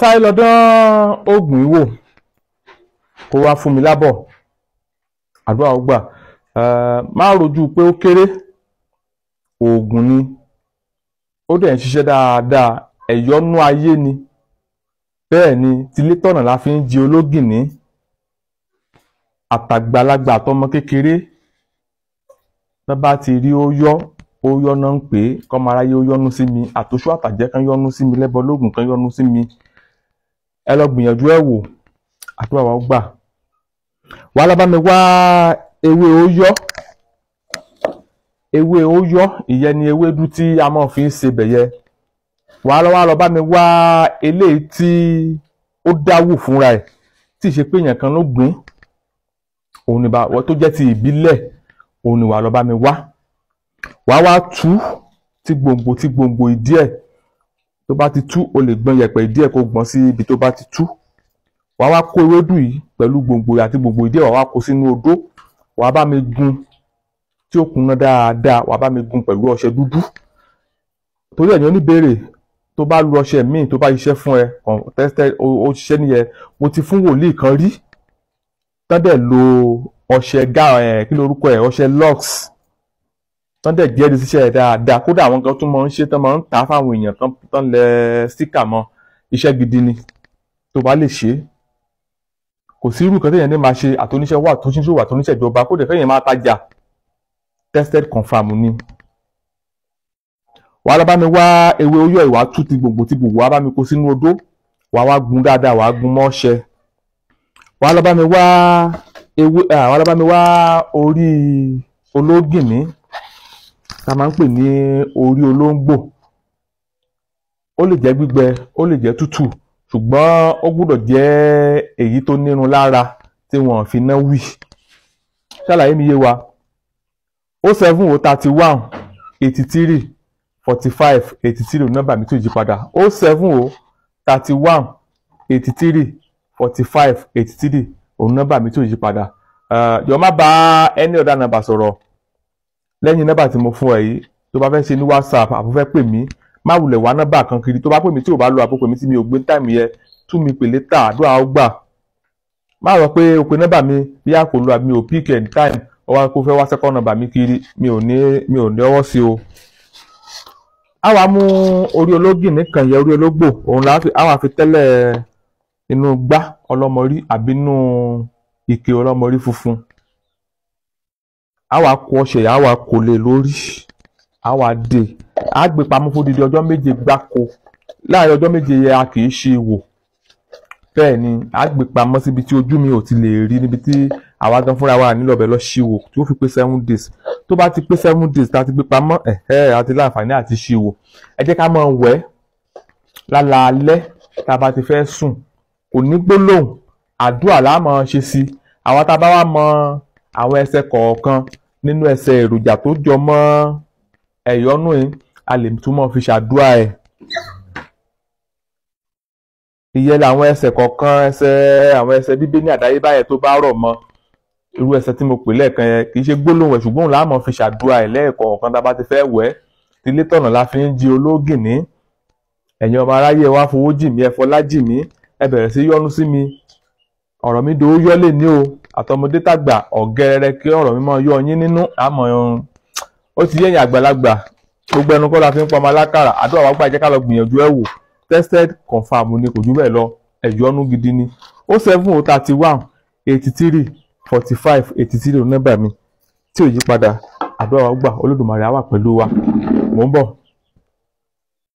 sáré lọ dán oògùn wò kó wá fún mi lábọ̀ àdúrà ó gbà má rojú pé ó kéré oògùn ni ó dẹ̀ ń ṣiṣẹ́ dáadáa ẹ̀yọ́nú ayé ni bẹ́ẹ̀ ni tilé tọ̀nà la fi ń jẹ ológìní àtàgbàlagbà àtọmọ kékeré tó bá ti rí ó yọ́ ó yọ́nà ń pè é kọ́mọ aráyé ó yọ́nú sí mi àtòṣù àtàjẹ́ kan yọ́nú sí mi lẹ́bọ lóògùn kan yọ́nú sí mi ẹ lọ gbìyànjú ẹ wò àdúrà wa ó gbà wàá lọ bá mi wá ewé oyọ́ ewé oyọ́ ìyẹn ni ewédú tí a máa fi ń sebẹ̀ yẹ wàá lọ wá lọ bá mi wá eléyìí tí ó dáwò fúnra ẹ̀ tí ì ṣe pé èèyàn kan ló gbìn òun ni bá wọ́n tó jẹ́ ti ìbílẹ̀ òun ni wàá lọ bá mi wá wàá wá tú ti gbòǹgbò ti gbòǹgbò ìdí ẹ̀ tó bá ti tú o lè gbọn yẹ̀pẹ̀ díẹ̀ kó gbọn sí ibi tó bá ti tú wà wá kó ewédú yìí pẹ̀lú gbòǹgbò àti gbòǹgbò ìdí wà wá kó sínú odó wà bá mi gun tí ó kúnná dáadáa wà bá mi gun pẹ̀lú ọṣẹ dúdú torí ẹ̀yàn oníbèrè tó bá lu ọṣẹ míì tó bá ṣiṣẹ́ fún ẹ tẹ́tẹ́ ó ṣiṣẹ́ nìyẹn mo ti fún wòlíì kan rí tán lo ọṣẹ gá ẹ̀ kí lorúkọ ẹ̀ ọṣẹ lux tán dẹ̀ díẹ̀ di ṣiṣẹ́ rẹ̀ dáadáa kódà àwọn kan tún máa ń ṣe tán máa ń tà á fáwọn èèyàn tán tán lẹ síkà mọ́ iṣẹ́ gidi ni tó bá lè ṣe é kò sí irú kan téèyàn lè máa ṣe àtúnṣe wà àtúnṣe wà àtúnṣe ìjọba kódà kéèyàn máa tajà tested confam ni. wàá lọ bá mi wá ewé oyún ìwà tú ti gbòǹgbò ti gbòǹgbò wàá bá mi kó sínú odó wàá wá gun dáadáa wàá gun mọ́ ọṣẹ wàá lọ bá mi wá ewé wàá lọ bá mi wá orí ológìnní tá máa ń pè ní orí olóńgbò ó lè jẹ́ gbígbẹ ó lè jẹ́ tútù ṣùgbọ́n ó gbúdọ̀ jẹ́ èyí tó nírun lára tí wọ́n fi ná wì ṣàlàyé mi yé wa o seven o thirty one eighty three forty five eighty three nọ́mbà mi tó yí padà o seven o thirty one eighty three forty five eighty three òun nọ́mbà mi tó yí padà jọ̀ọ́ má bá ẹni ọ̀dà nàbà sọ̀rọ̀ lẹ́yìn nọ́mbà tí mo fún ẹ yìí tó bá fẹ́ ṣe ní whatsapp àbò fẹ́ pè mí má wulẹ̀ wá nọ́mbà kan kiri tó bá pè mí tí ò bá lo àpò pè mí tí mi ò gbé táìmù yẹ tú mi pè létà àdúrà ó gbà má rọ pé o pe nọ́mbà mi bí a kò lo àmì ò pick and time ó wá kó fẹ́ wá second nọ́mbà mi kiri mi ò ní mi ò ní ọwọ́ sí o. àwa mú orí ológin nìkan yẹ orí ológbò òun la àwa fi tẹ́lẹ̀ inú gbá ọlọ́mọrí àbínú ike ọlọ́mọrí funfun Awa wá kó ọṣẹ yẹn a wá kó lé lórí a wá dè a gbé pamọ́ fún odidi ọjọ́ méje gbáko láàrin ọjọ́ méje yẹn a kì í ṣe wò bẹ́ẹ̀ ni a gbé pamọ́ síbi tí ojú mi ò ti lè rí níbi tí àwa gan fúnra wa nílò ọbẹ̀ lọ ṣe wò tí ó fi pé seven days tó bá ti pé seven days tá a ti gbé pamọ́ ẹ̀hẹ́ àti láǹfààní àti ṣe wò ẹ jẹ́ ká máa wẹ̀ lálaalẹ́ tá a bá ti fẹ́ sùn kò ní gbólóhùn àdúrà la ṣe sí àwa tá a bá wá mọ àwọn ẹsẹ̀ kọ̀ọ̀kan nínú ẹsẹ̀ èròjà tó jọ mọ́ ẹ̀yọ́nú yìí a lè tún mọ́ fi ṣàdúrà ẹ̀ ìyẹn làwọn ẹsẹ̀ kọ̀ọ̀kan ẹsẹ̀ àwọn ẹsẹ̀ bíbélì àdáyébá yẹn tó bá rọ̀ mọ́ irú ẹsẹ̀ tí mo pè lẹ́ẹ̀kan yẹn kì í ṣe gbólóhùn ẹ̀ ṣùgbọ́n làá mọ̀ fi ṣàdúrà ẹ̀ lẹ́ẹ̀kọ̀ọ̀kan tá a bá ti fẹ́ wẹ̀ tilé tọ̀nà la fi ń jí ológìní ẹ̀yin ọmọ aráyé wa fowó jì mí ẹ fọlá jì mí ẹ bẹ̀rẹ̀ sí yọ́nú sí mi ọ̀rọ̀ mi dòó yọ́lé ní o àtọmọdé tàgbà ọ̀gẹ́rẹ́rẹ́ kí ọ̀rọ̀ mímọ́ yọ yín nínú àmọ́ ó ti yẹ̀yìn àgbàlagbà gbogbo ẹnu kọ́ la fi ń pọnmọ alákàrà àdúrà wàá gbà jẹ́ ká lọ gbìyànjú ẹ̀ wò tested confam ni kò jù bẹ́ẹ̀ lọ ẹ̀yọ́nú gidi ni ó seven o thirty one eighty three forty five eighty three onígbà mi tí ò yí padà àdúrà wàá gbà olódùmarè á pẹ̀lú wa mò ń bọ̀.